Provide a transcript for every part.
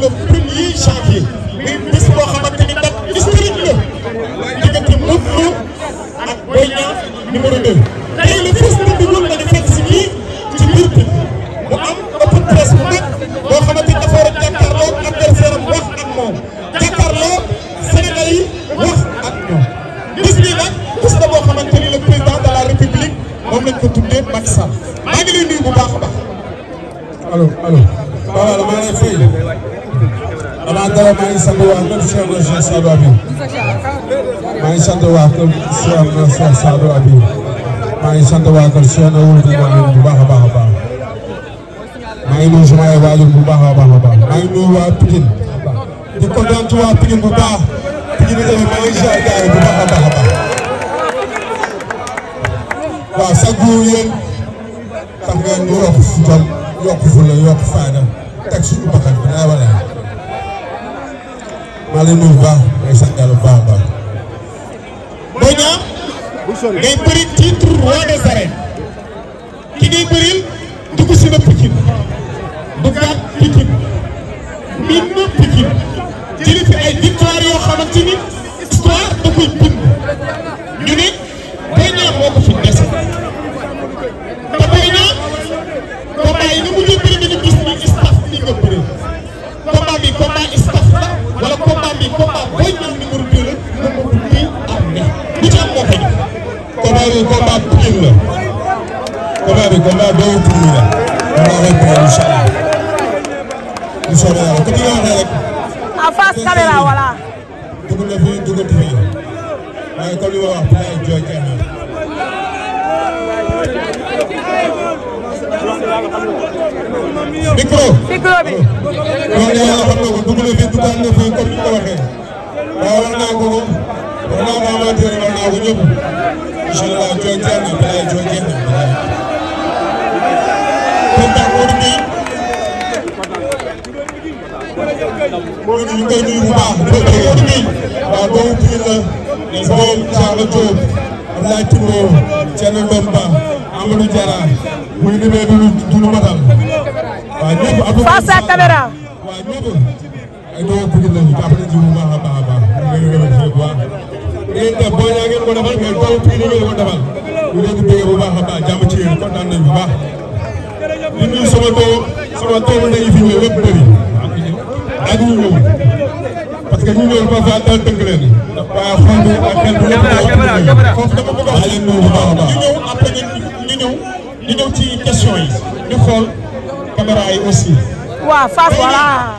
lépp maa ngi sant waa kër Cheikh na Cheikh Sadou Habib maa ngi sant waa kër Cheikh na Cheikh Sadou Habib maa ngi sant waa kër Cheikh na wóor na maa bu baax a baax a baax maa ngi nuyu sama ay waajur bu baax a baax a baax maa ngi nuyu waa Pikine di kontaan ci waa Pikine bu baax Pikine tamit maa ngi ziar gars yi bu baax a baax a baax waaw chaque jour yéen tax ngeen ñu yokk futal yokk fulla yokk faayda teg suñu bakkan bi daa wala maa ngi lay nuyu bu baax baax a baax. Boy Niang ngay bëri titre roi des ki ngay bëril dugg si na Pikine caméra voilà. dugg na fi duggati fi waaye comme li ma wax ay jooy kenn. micro. micro bi. loolu yàlla xam na ko dugg na fi duggaat na fi comme ni ko waxee. waaw war naa ko war naa ko amateur war naa ko ñëpp. incha allah jooy kenn balaa jooy kenn. moom it ñu ngi koy nuyu bu baax bu fekkee yow mii waaw doomu Pire la Mbow Thiaga Diop Abdoulaye Timbo Thierno Mbemba Amadou Diarra muy limee du du lu matal waaw ñëpp am na. face à caméra waaw ñëpp ay doomu Pire lañu jàpp nañu ci bu baax a baax a baax ñu ngi leen di bu baax. ngeen def boo ñaa ngeen ko defal mais doomu Pire ngeen ko defal ñu leen di bëgg bu baax a baax jàmm ci yéen kontaan nañu bu baax. di nuyu sama doomu sama doomu ndey fi ñëw lépp bëri. daañu ñëw parce que ñu ñëw foofu ak daal dëgg leen. waaw xool bi ak xel bu lépp foofu dama bëgg a wax ñu ñëw après ñu ñëw ñu ñëw ci question yi ñu xool caméra yi aussi. waaw Fass voilà.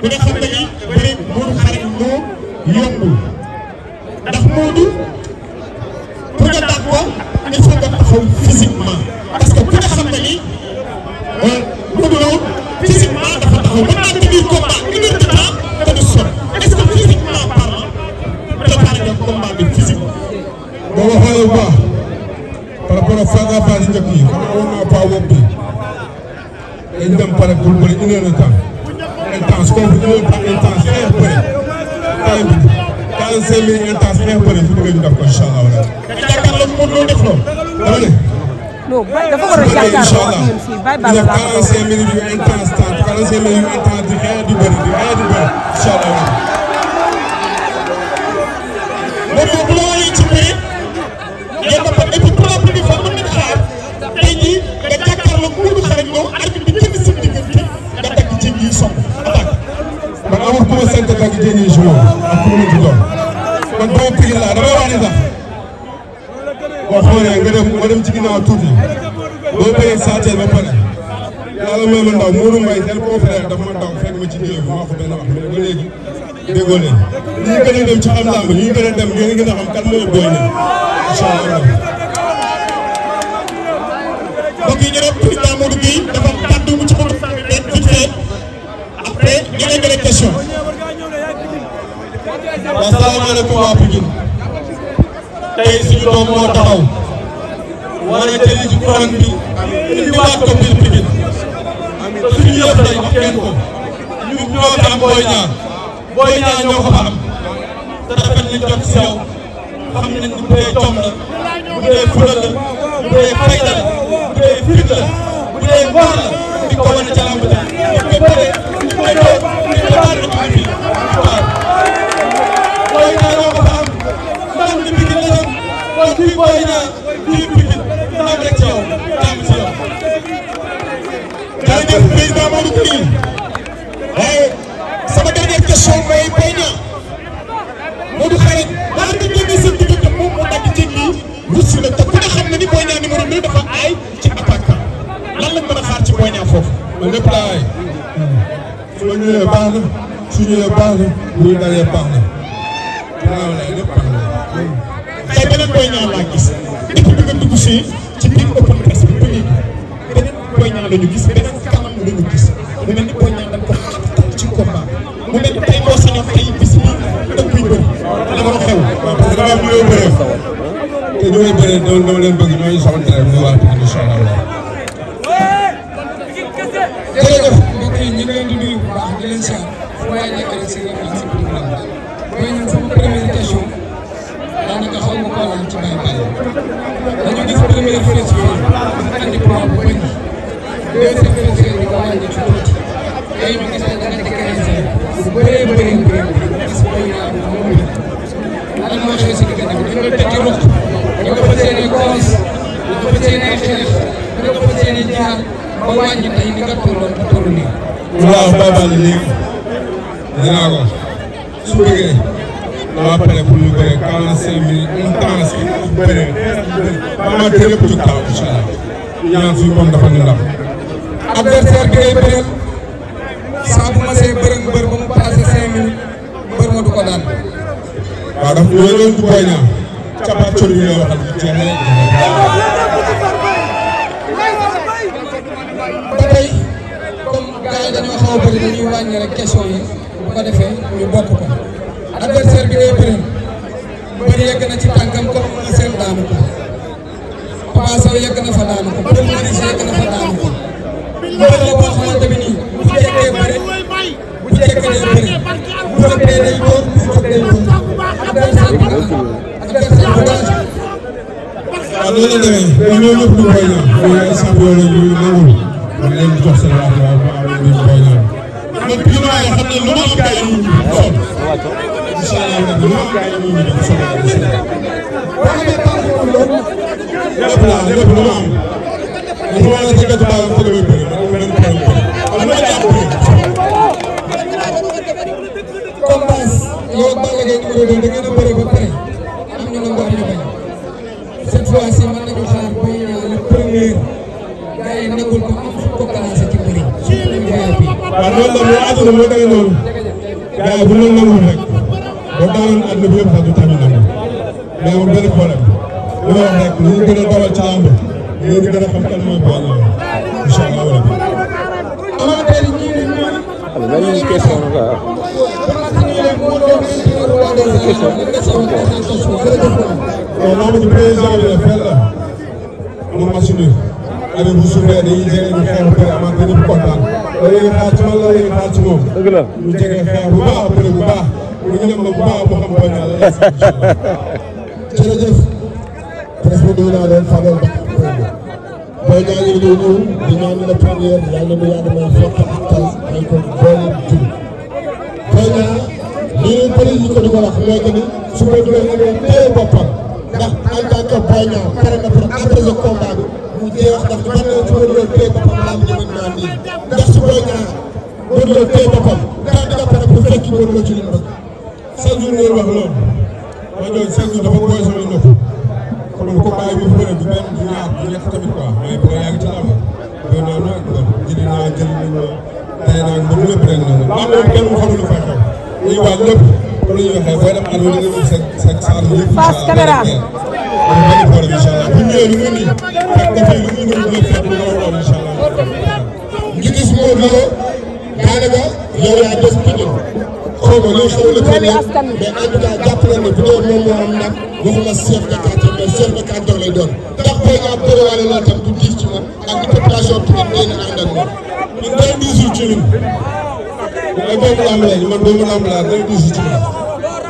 bu nga xam ne ni bëri Modou xarit moo yombul ndax Modou pour nga daan ko il faut nga taxaw physiquement parce que. sama faagaabaal yi njëkk yi xam nga woon naa pas woon bi dañ dem pare pour bëri une heure de temps intense kooku une heure temps intense xeex bëri temps bi 45 minutes intense xeex bëri fu ñu def ko incha allah wala. jàkkaar la mu mën def loolu dama ne. non dafa war a jàkkaarloo ak ñun fii bay baax la 45 minutes yu intense temps 45 minutes yu intense di xeex di bëri di xeex di bëri incha allah. dagg jënd yi joué ak ku mu doon kon doomu Pikine laa damay wax ne sax boo xoolee nga dem nga dem ci ginnaaw tuuti boo bëree saa teel ba pare yàlla may ma ndaw Mourou Mbaye seen confrère dafa ma ndaw fekk ma ci néew bi ma ko benn wax ma ne ba léegi déggoo leen ni ñu gën a dem ci xam làmb ni ñu gën a dem ngeen gën a xam kan moo booy ne incha allah. mbokk yi ñu ne président Modou Guèye dafa kàddu bu ci mën a dégg après ñu ne question. asalaamaaleykum waa Pikine tey suñu doom moo taxaw wala jëli ci kuran bi indiwaat ko biir Pikine te suñu yëpp tey ñu booy ñaar booy ñaar ñoo am te rafet nañ si yow xam nañ bu dee jom la bu dee fula la bu dee fayda la bu dee fit la bu dee ngor la di ko wane ca lamb ja ñu ko bëree ñu ko ñëw ñu ko baax Amadou Kounine waaye sama dernière question mooy Boy Niang Modou Xarañ maa ngi génne seen diggante moom moo dagg jën lii wut la te ku ne xam na ni Boy Niang numéro 2 dafa aay ci attaquant lan lañ mën a xaar ci Boy Niang foofu. lépp laa aay su ma ñëwee baax na su ñëwee baax na bu ñu dalee baax na waaw lay lépp baax na. tey beneen Boy Niang laa gis depuis bi nga dugg si ci biir open press bi ba léegi beneen Boy Niang la ñu gis beneen kanam la ñu gis. mu mel ni Boy Niang dañ ko ci combat mu mel ni tey boo sañoon tey bis mi da koy bëri la war a xew. waaw parce que dafa am ñu lay bëree te ñu lay bëree doo doo leen bëgg ñooñu soxla dara muy waa Pikine incha allah. jërëjëf mbokk yi ñu ngi leen di nuyu bu baax di leen siyaar waaye nekk rek si li nga xam ne mooy ñun sama première question daanaka xaw ma koo laal ci Baye Baye dañu gis première question andi poids bu bëri deuxième question bi nga wàññi ci tuuti tey ñu gis ne da nga nekk ANCAR bu bëree bëri bëri gis nga yaa moom la lan moo xew si diggante bi dañoo tëj ruq dañoo fas yéene koos dañoo fas yéene xeex dañoo fas yéene jaar ba wàññi tey ni nga tolloon ba toll nii. waaw Baye Balla léegi dinaa ko su bëggee dama pare pour ñu bëree quarante cinq minutes un temps si bëree amateur yëpp jóg taxaw incha allah ñaan suñu borom dafa ñu ndam adversaire bi ngay bëreel daan ko waaw daf ñoo doon bu Boy Niang cappaa coli bi nga waxal ci jeex ba tey comme gars yi dañoo xaw a bëri dañuy wàññi rek question yi bu ko defee ñu bokk ko adversaire bi ngay bëreel bëri yegg na ci tànkam comme Eumeu Sène daanu ko Papa Sow yegg na fa daanu ko Bombardier yegg na fa daanu ko mbër la boo xamante bi nii waaw loolu la demee ñun ñoo ñëpp ñu koy ñaan ñun champion la ñu nangul man leen jox seen waat waaw waaw ñu koy ñaan man bi ma yoo xam ne lu ma am day ñu doon incha allah nag lu ma am day ñu ñu doon sama incha allah. waaw lépp laa lépp lu ma am dafa war a ci gàtt baal ko demee bëri man man ma jàpp bëri. ak Balla Gaye numéro 2 da ngeen a bëre ba pare am ñu nangu am ñu bañ cette fois ci mën nañu xaar Boy Niang euh, le premier gars yi nangul ko am fu ko classé ci mbir yi. waaw loolu la mooy àdduna moo demee noonu gars yi bu ñu nanguwul rek ba daanoon àdduna bi yëpp sax du tamit nangu mais amul benn problème li ma wax rek lu ñu gën a dawal ci làmb léegi dana xam kan mooy Boy Niang incha allah rabbi. amateur yi ñii ne ñoom. am na yeneen question quoi. Mamadou président bi la fel la amul machine bi. année bu suufee dañuy jege ñu xeex ba amaat ba ñëpp kontaan. loolu la ñuy xaar ci man la ñuy xaar ci moom. dëgg la ñu jege xeex bu baax bëri bu baax. bu ñam la bu baax boo xam booy naa jërëjëf. presse bi nuyu naa leen Fadel Ba. booy naa leen ñëw ñëw di ñaan la première yàlla na yàlla may fekk ak tal may ko boole jur. booy naa. lii bëri ñu ko di ko wax léegi ni su ma dugal ñu doon téye boppam ndax en tant que Boy Niang pare na pour approcher combat bi mu jeex ndax man la su ma dugal téye boppam laa mën naa nii ndax su Boy Niang ma dugal téye boppam tant que pare bu fekki ma dugal ci li mu bëgg. chaque jour ngeen wax loolu ma doon chaque jour dafa boy sama ñëpp kon combat bi mu bëri du benn du ñaar du ñett tamit quoi mais bu yaa ngi ci làmb doon naa nag jëli naa jëli nañ ma tey naa mbir lépp rek na la ndax moom kenn xamul lu fay xew muy waaj lépp comme ni ñu waxee booy dem ànd wala nga dugg sa sa sa ànd lépp. face caméra incha allah bu ñëwee lu mu indi fekk dafay lu mu indi lu mu fekk lu mu war a incha allah. ñu gis Modou Lo daanaka yow yaa des Pikine xaw ma luy xaw la problème mais en tout cas jàpp nañu ne bu dee moom moo am nag waxuma chef de quartier mais chef de canton lay doon. ndax booy nga bëri wàllu loo tam du diis ci moom ak population Pikine day na ànd ak moom ñun day diisul ci ñun. mooy doomu lamb lañ man doomu lamb laa dara du si ci man.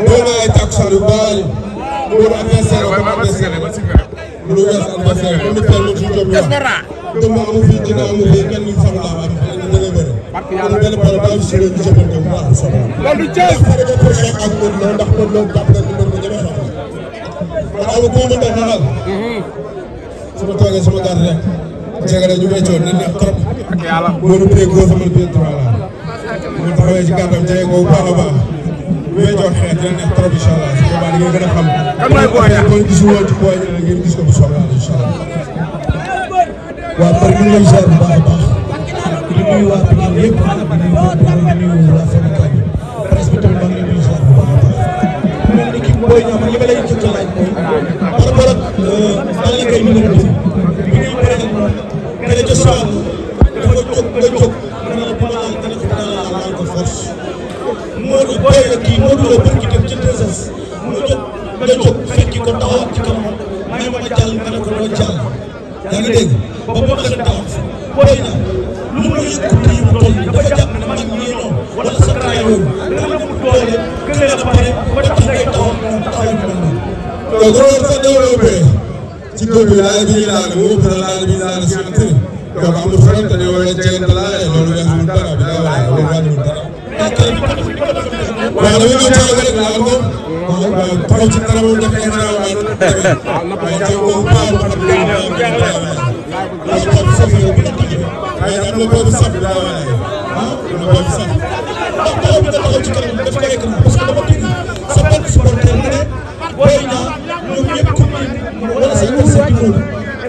doon naa ay takkusaan yu bari. mu doon adversaire am adversaire am. mu doon weesu adversaire am mu teel ma suñu coono wax. dëmb amu fi dina amu fi kenn ñu xam laa am xale ñu dëgër bëri. kon benn pare baayu si réew mi jëfante bu baax solo. ndax pare nga pour xeex ak Modou Lo ndax Modou Lo jàpp nga ni mën nga jëmee xeex. kon amu ko mën a xeexal. su ma toogee sama gàtt rek. jege rek ñu weccoon na neex trop. ak yàlla Modou Lo góor sama biir trois la. ñu taxawee ci gàttam jege ko bu baax a baax bu dee jox xeet dina neex trop incha allah su boobaa da ngeen gën a xam. kan mooy booy ñaar kon gisul woon ci booy ñaar da ngeen gis ko bu soobee incha allah. waaw par ñu ngi lay ziar bu baax a baax di nuyu waa Pikine yëpp di nuyu waa Pikine di nuyu waa Femme Kagne presque tamit maa ngi leen di ziar bu baax a baax. ku mel ni kii booy ñaar man li ma lay jëkk laaj mooy par rapport ak euh, Balla Gaye numéro 2 bi ñuy bëre que ne ca soir dafa jóg nga jóg. booyee la kii Modou Lo bëri dem ci mu jóg nga jóg fekki ko taxaw ci kaw may ma jàll ma ne ko doo jàll yaa ba ba nga leen na lu mu yëg ko tii mu toll dafa jàpp ne mag ñii noonu wala sa ci kaw bi laaj bi ñu laaj boo ko laaj bi ñu laaj sant donc amul fenn te ne wala jënd laaj loolu yaa bi daa waaye loolu yaa amul dara. waaw damay ñëw Thiel rek laal ko waaw taxaw ci dara moom dafa gën a waay waaye Thiel boobu baax na xam ne moom daal di laal waaye Pape Sall yow waaye am na boobu Sall daa waay ah am na boobu Sall ndax taxaw bi nga taxaw ci kanam daf koy écran parce que dama dégg sa benn supporter mu ne booy naa ñoom ñëpp commune wala sa école sa diplôme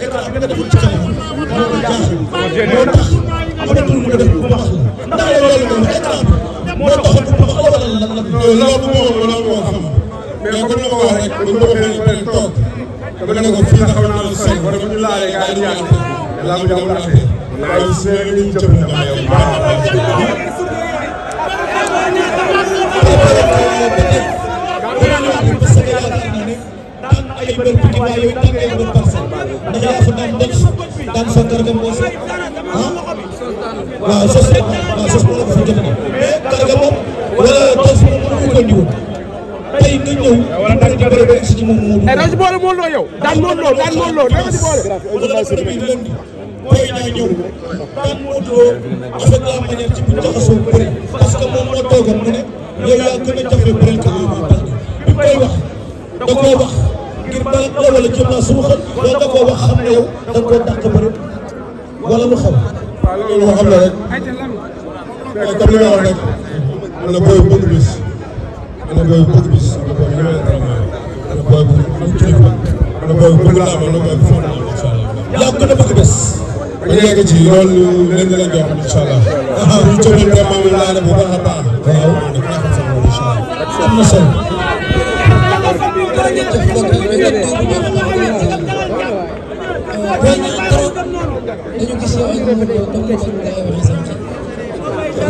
écran bi nga defoon ci kanam loolu jaaxal moo tax loolu laa ko bëggoon loolu moo xam mais comme ni ma ko wax rek bu ñu ko bëggee toog dama ne ko fii taxaw naa la sëñ wala bu ñu laalee gaa yi ñaan laa ko jàmm laate waaye seen li ñu jëm dama yow ay bërëb bi waaye yooyu tànn ay bërëb parcelle ndax yaa fa daan denc daan fa kàrga mboose ah waaw sos waaw sos moo la ko fa jot na mais kàrga moom wala jëfandikoo tey nga ñëw. wala daal di bëri bëri si ci moom moo dugg. da nga si boole moo loo yow. daan moo loo daan moo loo da nga si boole. booy ñaa ñëw daan moo loo avec la manière ci bu jaxasoo bëri parce que moom moo toogoon mu ne yow yaa gën a jafe bëri ka yow muy tànn bi koy wax da koo wax ngir bala la wala jëm naa sama xel wala da koo wax xam ne yow da nga koo dàq bëri wala lu xaw. loolu moo xam ne rek. waaw comme li nga wax rek. wala booy bëgg bis. ana booy bu bëgg bis ana booy bu yore travail ana booy bu am kilifa ana booy bu bëgg laa ana booy bu fonn laa incha allah yaa gën a bëgg bés ba yegg ci loolu lenn la jox incha allah ñu coono vraiment laale bu baax a baax waaw am na solo dañu gis yow ak Modou Lo comme ni ko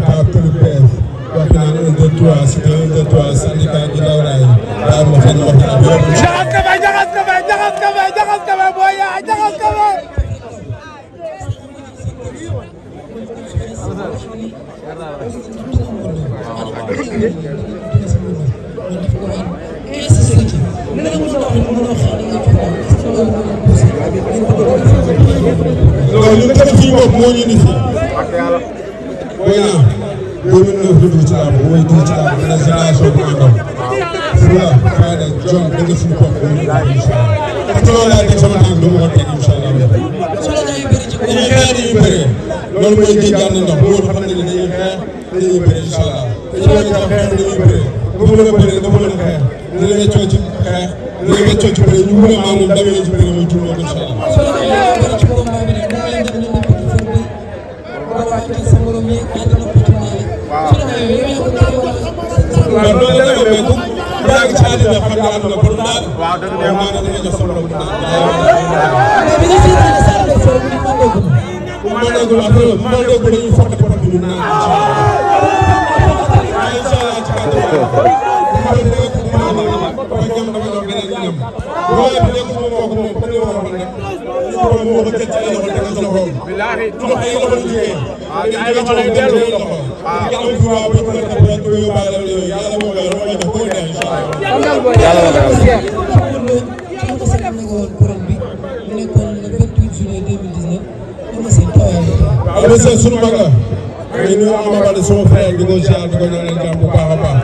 quota club PS wax naan un deux trois si un deux trois syndicat bi ndaw raay daa ma jaxas ka bay jaxas ka bay jaxas ka bay jaxas jaxas ka bay Boy Niang 2009 la dugg ci làmb mooy dugg ci làmb benn génération bu àndoon fula fayda jom dëgg suñu bopp bu ñu dugg incha allah parce que loolu laa teg sama tànk du ma ko teg incha allah ci xeex dañuy bëree loolu mooy njëkk jaar na ndox loolu xam nañu dañuy xeex dañuy bëree incha allah te ci wàllu xeex dañuy bëree ba mën a bëree dafa mën a xeex dina weccoo ci xeex dina weccoo ci bëree ñu mën a maanaam demee ci bëree mooy tur boobu incha allah Bilahi, waaw ñu ngi loxo lay dellu waaw ah. ñu ngi waaw bu ko defee dañ ko yóbbaale yàlla moo koy loxo def ko neex insha Allah yàlla la ko def ko sa nga woon borom bi mu nekkoon le 28 juillet 2019 dama seen tawaay la dama seen sunu mag la ñu ñu amama sama frère di ko ziar di ko ñaanal jàmm bu baax a baax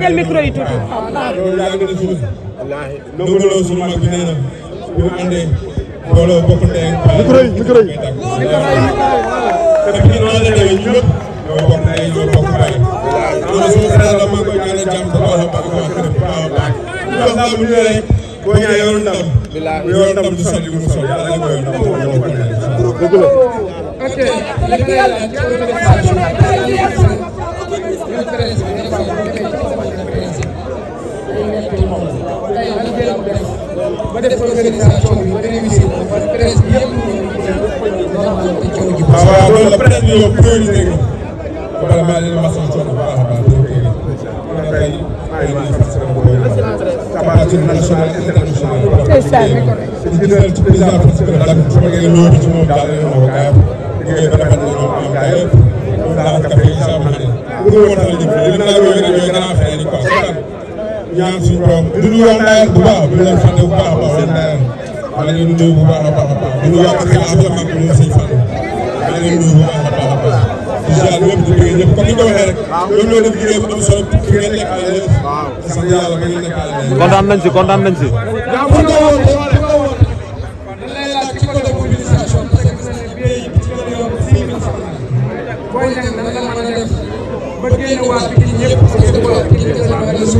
dajal micro yi tuuti. loolu yàgg na suuf. ndongolo sunu mag bi nee na bu ñu àndee mbooloo bokk ndey ak paa. micro yi micro yi. te fi ñu noonu la demee ñun ñëpp ñoo bokk ndey ñoo bokk baay. loolu sama frère la maa ngi koy ñaanal jàmm bu baax a baax a baax bu baax a baax. ndox maa bu ñu nee boo ñëwee yoonu ndam. bu yoonu ndam du sol li mu sol yàlla ko yoonu ndam moo ko dëgg la. ok. Yàlla ma def organisation bi ba réussir ba presse bi yëpp waaw ah, waaw loolu la presse bi yow priorité nga bala maa leen masawu coono baax a baax capacité nationale internationale di gënal ci président parce que daal sama ngeen loolu ci moom daal leen moo gaayam di ngay bana man ñoom am gaay yëpp daal kafe yi sama ne bu ko woon daal jëm li naa yooyu nag yooyu naa xëy ni quoi ñaan suñu borom di nuyu waa Ndayane bu baax bu leen fàtte bu baax a baax waa Ndayane maa ngi leen di nuyu bu baax a baax a baax di nuyu waa Kër Abdoulaye Mame di nuyu sëñ Fallou maa ngi leen di nuyu bu baax a baax a baax di ziar ñëpp di bëgg ñëpp comme ni nga ko waxee rek ñoom ñoo def liggéey bu am solo ki ngeen nekk à l'aise te sant yàlla ba ngeen nekk à l'aise kontaan nañ si kontaan nañ si pour nga woon pour nga woon dañ lay laaj ci côté mobilisation parce que gis nañ pays bi ci gën a yomb six mille francs boo leen nan la mën a def ba génn waa Pikine ñëpp parce que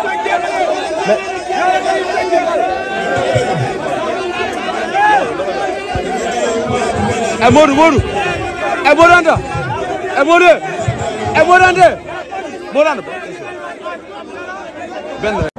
e Modou Modou e Modou Anta e Modou e Modou Anta Modou Anta benn